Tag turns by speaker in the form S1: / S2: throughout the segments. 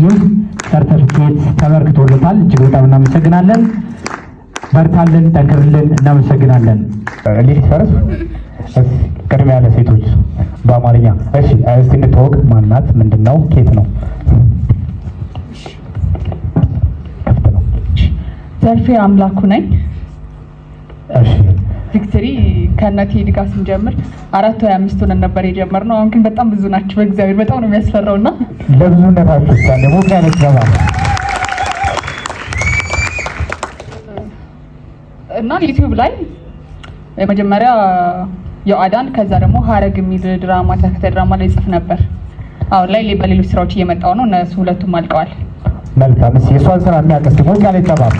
S1: ስዩም ሰርተፊኬት ተበርክቶለታል። እጅግ በጣም እናመሰግናለን። በርታልን፣ ጠንክርልን። እናመሰግናለን። ሌሊት ፈረስ ቅድሚያ ያለ ሴቶች በአማርኛ እሺ፣ እስቲ እንድታወቅ ማናት? ምንድን ነው? ኬት ነው?
S2: ዘርፌ አምላኩ ነኝ። እሺ ቪክትሪ ከነቴዲ ጋር ስንጀምር አራት ወይ አምስት ሆነን ነበር የጀመርነው። አሁን ግን በጣም ብዙ ናቸው። በእግዚአብሔር በጣም ነው የሚያስፈራው። እና
S1: ለብዙነታችሁ ደግሞ ያለት ገባ
S2: እና ዩቲዩብ ላይ መጀመሪያ የአዳን ከዛ ደግሞ ሀረግ የሚል ድራማ ተከተ ድራማ ላይ ጽፍ ነበር። አሁን ላይ በሌሎች ስራዎች እየመጣው ነው። እነሱ ሁለቱም አልቀዋል።
S1: መልካም። የእሷን ስራ የሚያቀስ ሞቅ ያለ ይጠባል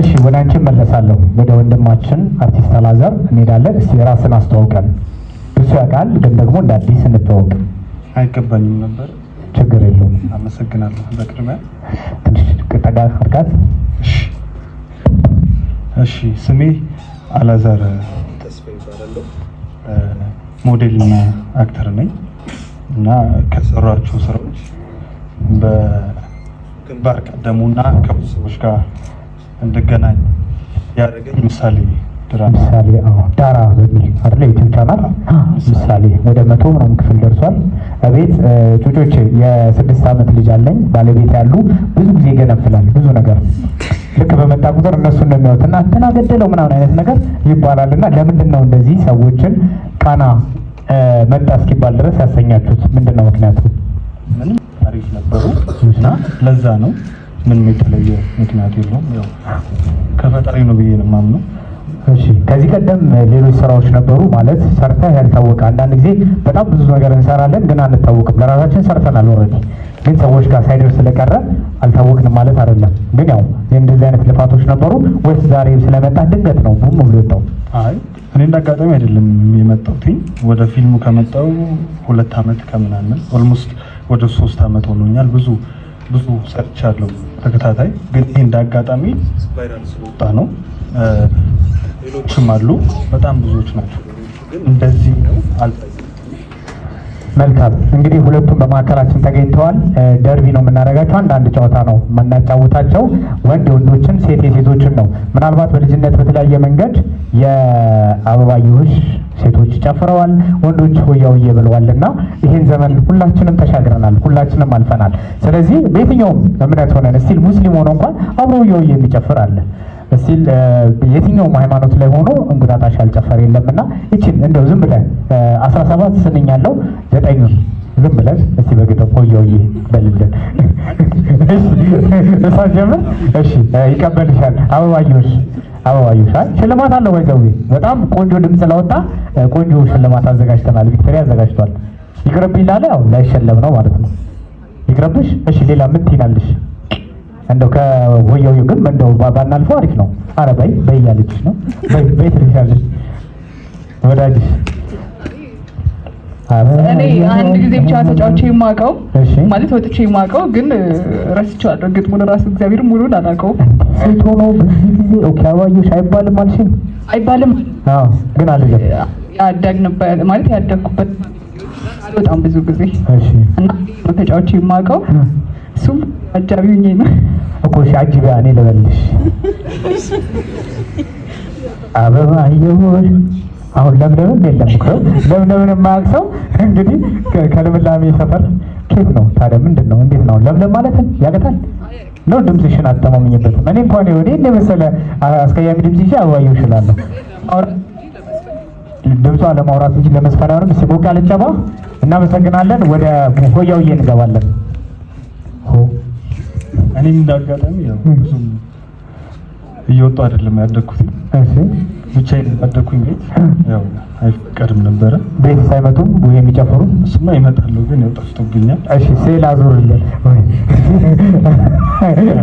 S1: እሺ ወደ አንቺ መለሳለሁ። ወደ ወንድማችን አርቲስት አላዛር እንሄዳለን። እስቲ ራስን አስተዋውቀን። ብዙ ያውቃል ግን ደግሞ እንደ አዲስ እንተዋወቅ።
S3: አይገባኝም ነበር። ችግር የለውም። አመሰግናለሁ። በቅድሚያ
S1: ትንሽ ቅጠጋ ፍርቃት።
S3: እሺ ስሜ አላዛር ተስፋ ይባላለሁ። ሞዴልና አክተር ነኝ እና ከሰሯቸው ስራዎች በግንባር ቀደሙና ከብዙ ሰዎች ጋር እንድገናኝ ያደረገኝ ምሳሌ
S1: ምሳሌ ዳራ በሚል አለ ዩቲዩብ ቻናል ምሳሌ ወደ መቶ ምናምን ክፍል ደርሷል። እቤት ጩጮቼ የስድስት ዓመት ልጅ አለኝ። ባለቤት ያሉ ብዙ ጊዜ ይገነፍላል ብዙ ነገር ልክ በመጣ ቁጥር እነሱ እንደሚያዩት እና እንትና ገደለው ምናምን አይነት ነገር ይባላል። እና ለምንድን ነው እንደዚህ ሰዎችን ቃና መጣ እስኪባል ድረስ ያሰኛችሁት ምንድን ነው ምክንያቱ?
S3: ምንም ታሪክ ነበሩ እና ለዛ ነው ምንም የተለየ ምክንያት የለውም። ያው ከፈጣሪ ነው ብዬ ነው የማምነው።
S1: እሺ ከዚህ ቀደም ሌሎች ስራዎች ነበሩ ማለት ሰርተህ ያልታወቀ። አንዳንድ ጊዜ በጣም ብዙ ነገር እንሰራለን ግን አንታወቅም። ለራሳችን ሰርተናል ኦልሬዲ፣ ግን ሰዎች ጋር ሳይደርስ ስለቀረ አልታወቅንም ማለት አይደለም። ግን ያው እንደዚህ አይነት ልፋቶች ነበሩ ወይስ ዛሬ ስለመጣ ድንገት ነው ቡም ብሎ ወጣው?
S3: አይ እኔ እንዳጋጣሚ አይደለም የመጣሁትኝ ወደ ፊልሙ ከመጣሁ ሁለት አመት ከምናምን ኦልሞስት ወደ ሶስት አመት ሆኖኛል። ብዙ ብዙ ሰርቻለሁ ተከታታይ ግን ይህ እንደ አጋጣሚ ነው። ሌሎችም አሉ፣ በጣም ብዙዎች ናቸው። እንደዚህ
S1: መልካም እንግዲህ ሁለቱም በማዕከላችን ተገኝተዋል። ደርቢ ነው የምናደርጋቸው፣ አንዳንድ ጨዋታ ነው የምናጫወታቸው። ወንድ የወንዶችን፣ ሴት የሴቶችን ነው። ምናልባት በልጅነት በተለያየ መንገድ የአበባ ይሁሽ ሴቶች ጨፍረዋል፣ ወንዶች ሆያው እየበለዋልና ይሄን ዘመን ሁላችንም ተሻግረናል፣ ሁላችንም አልፈናል። ስለዚህ በየትኛውም እምነት ሆነን እስቲል ሙስሊም ሆኖ እንኳን አብሮ ሆያው የሚጨፍር አለ እስቲል የትኛውም ሃይማኖት ላይ ሆኖ እንቁጣጣሽ ያልጨፈር የለምና ይችን እንደው ዝም ብለን አስራ ሰባት ስንኝ ያለው ዘጠኙን ዝም ብለን እስቲ በግጥም ሆያው በልልን። እሺ እሷ ጀምር። እሺ ይቀበልሻል አበባዮሽ አበባዩ ሻይ ሽልማት አለ ወይ? ገብሬ በጣም ቆንጆ ድምፅ ላወጣ ቆንጆ ሽልማት አዘጋጅተናል። ቪክቶሪያ አዘጋጅቷል። ይቅርብኝ ላለ ያው ላይሸለም ነው ማለት ነው። ይቅርብሽ። እሺ ሌላ ምን ትይናለሽ? እንደው ከወያው ግን እንደው ባናልፈው አሪፍ ነው። ኧረ በይ በይ እያለችሽ ነው። በይ በይ ትልሻለሽ ወዳጅሽ
S2: እኔ አንድ ጊዜ ብቻ ተጫውቼ የማውቀው ማለት ወጥቼ የማውቀው ግን ረስቼዋለሁ። ግጥሙን ራሱ እግዚአብሔር ሙሉን አላውቀውም።
S1: ሴት ሆኖ በዚህ ጊዜ ኦኬ አበባየሽ አይባልም አልሽኝ? አይባልም አዎ። ግን አለ
S2: ያደግንበት ማለት ያደግኩበት በጣም ብዙ ጊዜ እሺ። እና ተጫዎች የማውቀው እሱም አጃቢው ነው
S1: እኮ እሺ። አጅቢያ እኔ ልበልሽ አበባየሽ አሁን ለምለምም የለም እኮ ለምለምን የማያውቅ እንግዲህ ከልምላሜ ሰፈር ኬፍ ነው ታዲያ ምንድን ነው እንዴት ነው ለምለም ማለት ያገታል ነው ድምፅሽን አተማመኝበት እኔ እንኳን የሆነ ለመሰለ አስቀያሚ ድምፅ ይዤ አዋየው እችላለሁ። ድምጿ ለማውራት እንጂ ለመስፈራረም ሲሞቅ ያልጨባ። እናመሰግናለን። ወደ ሆያውዬ እንገባለን።
S3: እኔም እንዳጋጣሚ ያው እየወጡ አይደለም ያደግኩት። እሺ ብቻዬን ያደግኩኝ ቤት ያው አይፈቀድም ነበረ።
S1: ቤት ሳይመጡ ወይ የሚጨፍሩ
S3: እሱማ ይመጣሉ፣ ግን ያው ጠፍቶብኛል።
S1: እሺ ሴላ አዞርልን ወይ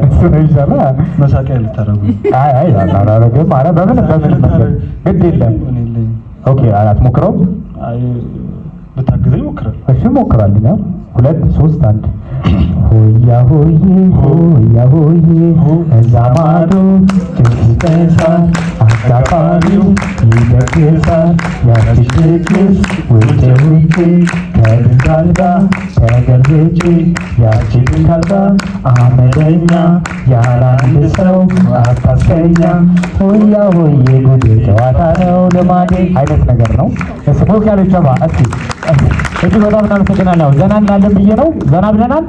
S1: እሱ ነው ይሻላል።
S3: መሳቂያ ልታረጉ?
S1: አይ አይ አላረግም። ኧረ በምን በምን መሰለኝ ግድ የለም። ኦኬ አላት ሞክረው።
S3: አይ ብታግዘኝ ሞክራለሁ።
S1: እሺ ሞክራለሁ ሁለት ሶስት አንድ ሆያ ሆዬ ሆያ ሆዬ እዛ ማዶ ጭስ ይጠሳል፣ አጋፋሪው ይደግሳል። ያቺ ድግስ ውጭ ውጭ ተገልብጭ አመደኛ ያላንድ ሰው አታስቀኛ። ሆያ ሆዬ ጉድ ጨዋታ ነው ልማዴ አይነት ነገር ነው። ስሞክ ያለች ጨባ እስኪ እጅግ በጣም እናመሰግናለሁ። ዘና እንላለን ብዬ ነው። ዘና ብለናል።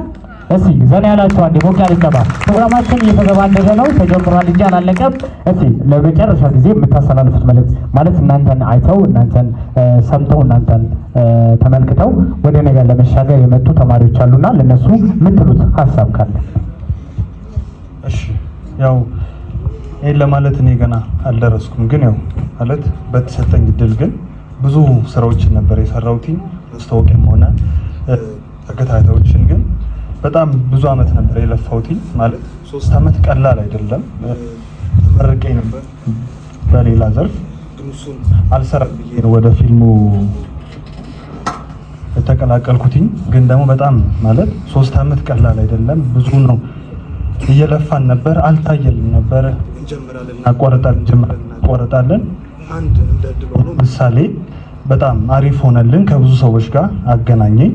S1: እስቲ ዘና ያላችሁ አንዴ ሞቅ ያለ ጨባ። ፕሮግራማችን እየተገባደደ ነው፣ ተጀምሯል እንጂ አላለቀም። እስቲ ለመጨረሻ ጊዜ የምታስተላልፉት መልእክት ማለት እናንተን አይተው እናንተን ሰምተው እናንተን ተመልክተው ወደ ነገር ለመሻገር የመጡ ተማሪዎች አሉና ለነሱ የምትሉት ሀሳብ ካለ።
S3: እሺ ያው ይሄን ለማለት እኔ ገና አልደረስኩም፣ ግን ያው ማለት በተሰጠኝ እድል ግን ብዙ ስራዎችን ነበር የሰራሁት ማስታወቂያም ሆነ ተከታታዮችን ግን በጣም ብዙ አመት ነበር የለፋሁት። ማለት ሶስት አመት ቀላል አይደለም። ተመርቄ ነበር በሌላ ዘርፍ አልሰራም ብዬ ወደ ፊልሙ የተቀላቀልኩትኝ። ግን ደግሞ በጣም ማለት ሶስት አመት ቀላል አይደለም፣ ብዙ ነው። እየለፋን ነበር፣ አልታየልም ነበር። እንጀምራለን፣ እናቋርጣለን፣ እንጀምራለን፣ እናቋርጣለን። አንድ እንደ ድሎ ምሳሌ በጣም አሪፍ ሆነልን። ከብዙ ሰዎች ጋር አገናኘኝ።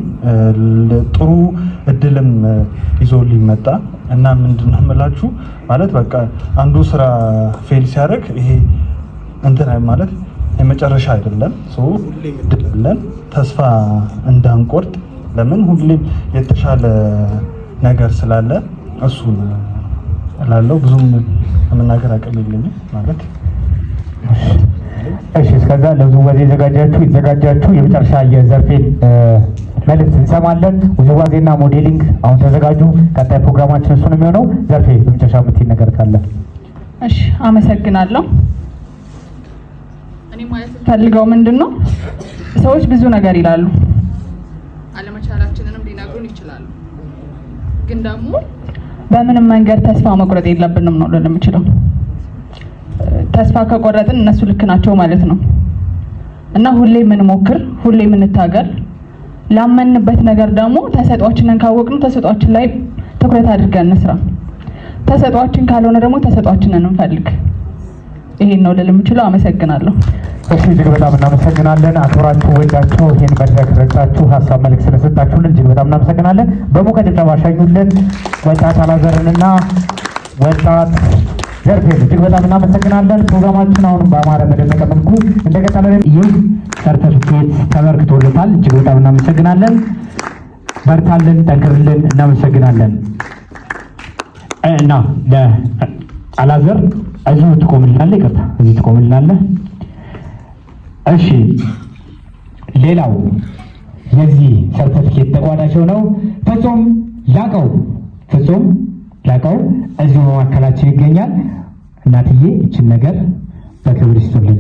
S3: ጥሩ እድልም ይዞ ሊመጣ እና ምንድን ነው የምላችሁ ማለት በቃ አንዱ ስራ ፌል ሲያደርግ ይሄ እንትን ማለት የመጨረሻ አይደለም። እድል ተስፋ እንዳንቆርጥ። ለምን ሁሌም የተሻለ ነገር ስላለ እሱ እላለሁ። ብዙም መናገር አቅም የለኝም ማለት
S1: እሺ፣ እስከዛ ለውዝዋዜ የተዘጋጃችሁ የተዘጋጃችሁ የመጨረሻ የዘርፌን መልእክት እንሰማለን። ውዝዋዜና ሞዴሊንግ አሁን ተዘጋጁ። ቀጣይ ፕሮግራማችን እሱ ነው የሚሆነው። ዘርፌ በመጨረሻ የምትይኝ ነገር ካለ?
S2: እሺ፣ አመሰግናለሁ። እኔ ማለት ፈልገው ምንድን ነው ሰዎች ብዙ ነገር ይላሉ፣
S4: አለመቻላችንንም ሊነግሩን ይችላሉ። ግን ደግሞ
S2: በምንም መንገድ ተስፋ መቁረጥ የለብንም ነው ልል ተስፋ ከቆረጥን እነሱ ልክ ናቸው ማለት ነው። እና ሁሌ የምንሞክር ሁሌ የምንታገል ላመንበት ነገር ደግሞ ተሰጧችንን ካወቅነው ተሰጧችን ላይ ትኩረት አድርገን እንስራ። ተሰጧችን ካልሆነ ደግሞ ተሰጧችንን እንፈልግ። ይሄን ነው ልል የምችለው። አመሰግናለሁ።
S1: እሺ፣ እጅግ በጣም እናመሰግናለን። አክብራችሁ ወዳችሁ ይህን መድረክ ረግጣችሁ ሀሳብ መልክ ስለሰጣችሁልን እጅግ በጣም እናመሰግናለን። በሞቀ ድብደባ ሸኙልን ወጣት አላዘርንና ወጣት ዘርፌ እጅግ በጣም እናመሰግናለን። ፕሮግራማችን አሁንም በአማረ በደመቀ መልኩ እንደቀጠለ ይህ ሰርተፊኬት ተበርክቶለታል። እጅግ በጣም እናመሰግናለን። በርታልን፣ ጠንክርልን። እናመሰግናለን እና አላዘር እዚሁ ትቆምልናለህ። ይቅርታ እዚሁ ትቆምልናለህ። እሺ፣ ሌላው የዚህ ሰርተፊኬት ተቋዳሽ ነው ፍጹም ላቀው ፍጹም ላቀው እዚሁ በመካከላችን ይገኛል። እናትዬ ይችን ነገር በክብር ይስጡልኝ።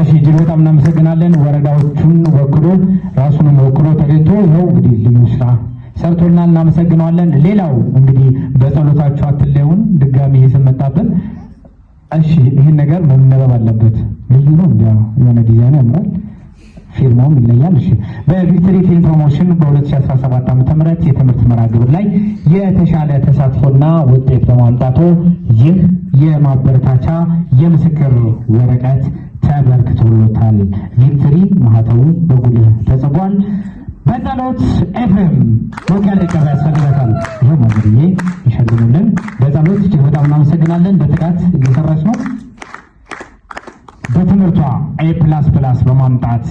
S1: እሺ፣ እጅግ በጣም እናመሰግናለን። ወረዳዎቹን ወክሎ ራሱንም ወክሎ ተገኝቶ ነው እንግዲህ ልዩ ስራ ሰርቶልናል። እናመሰግነዋለን። ሌላው እንግዲህ በጸሎታችሁ አትለውን ድጋሚ የሰመጣብን እሺ፣ ይህን ነገር መመረብ አለበት። ልዩ ነው። እንዲያ የሆነ ዲዛይን ያምራል። ፊርማውም ይለያል። እሺ በቪዝሬት ኢንፎርሜሽን በ2017 ዓ.ም የትምህርት መርሃ ግብር ላይ የተሻለ ተሳትፎና ውጤት በማምጣቱ ይህ የማበረታቻ የምስክር ወረቀት ተበርክቶሎታል። ቪክትሪ ማህተሙ በጉልህ ተጽፏል። በጸሎት ኤፍኤም ወጋር ቀባ ያስፈልገታል። ይህ ይሸልሙልን። በጸሎት እጅግ በጣም እናመሰግናለን። በትጋት እየሰራች ነው። በትምህርቷ ኤ ፕላስ ፕላስ በማምጣት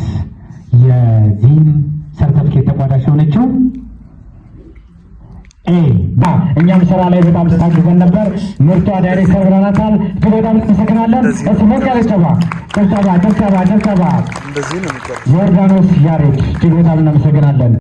S1: የዚህን ሰርተፍኬት ተቋዳሽ የሆነችው ኤ ባ እኛም ስራ ላይ በጣም ስታግዘን ነበር። ምርቷ ዳይሬክተር ብለናታል። በጣም እንመሰግናለን። እሱ ሞቅ ያለ ጨባ ጭብጨባ ጭብጨባ ጭብጨባ። ዮርዳኖስ ያሬድ እጅግ በጣም እናመሰግናለን።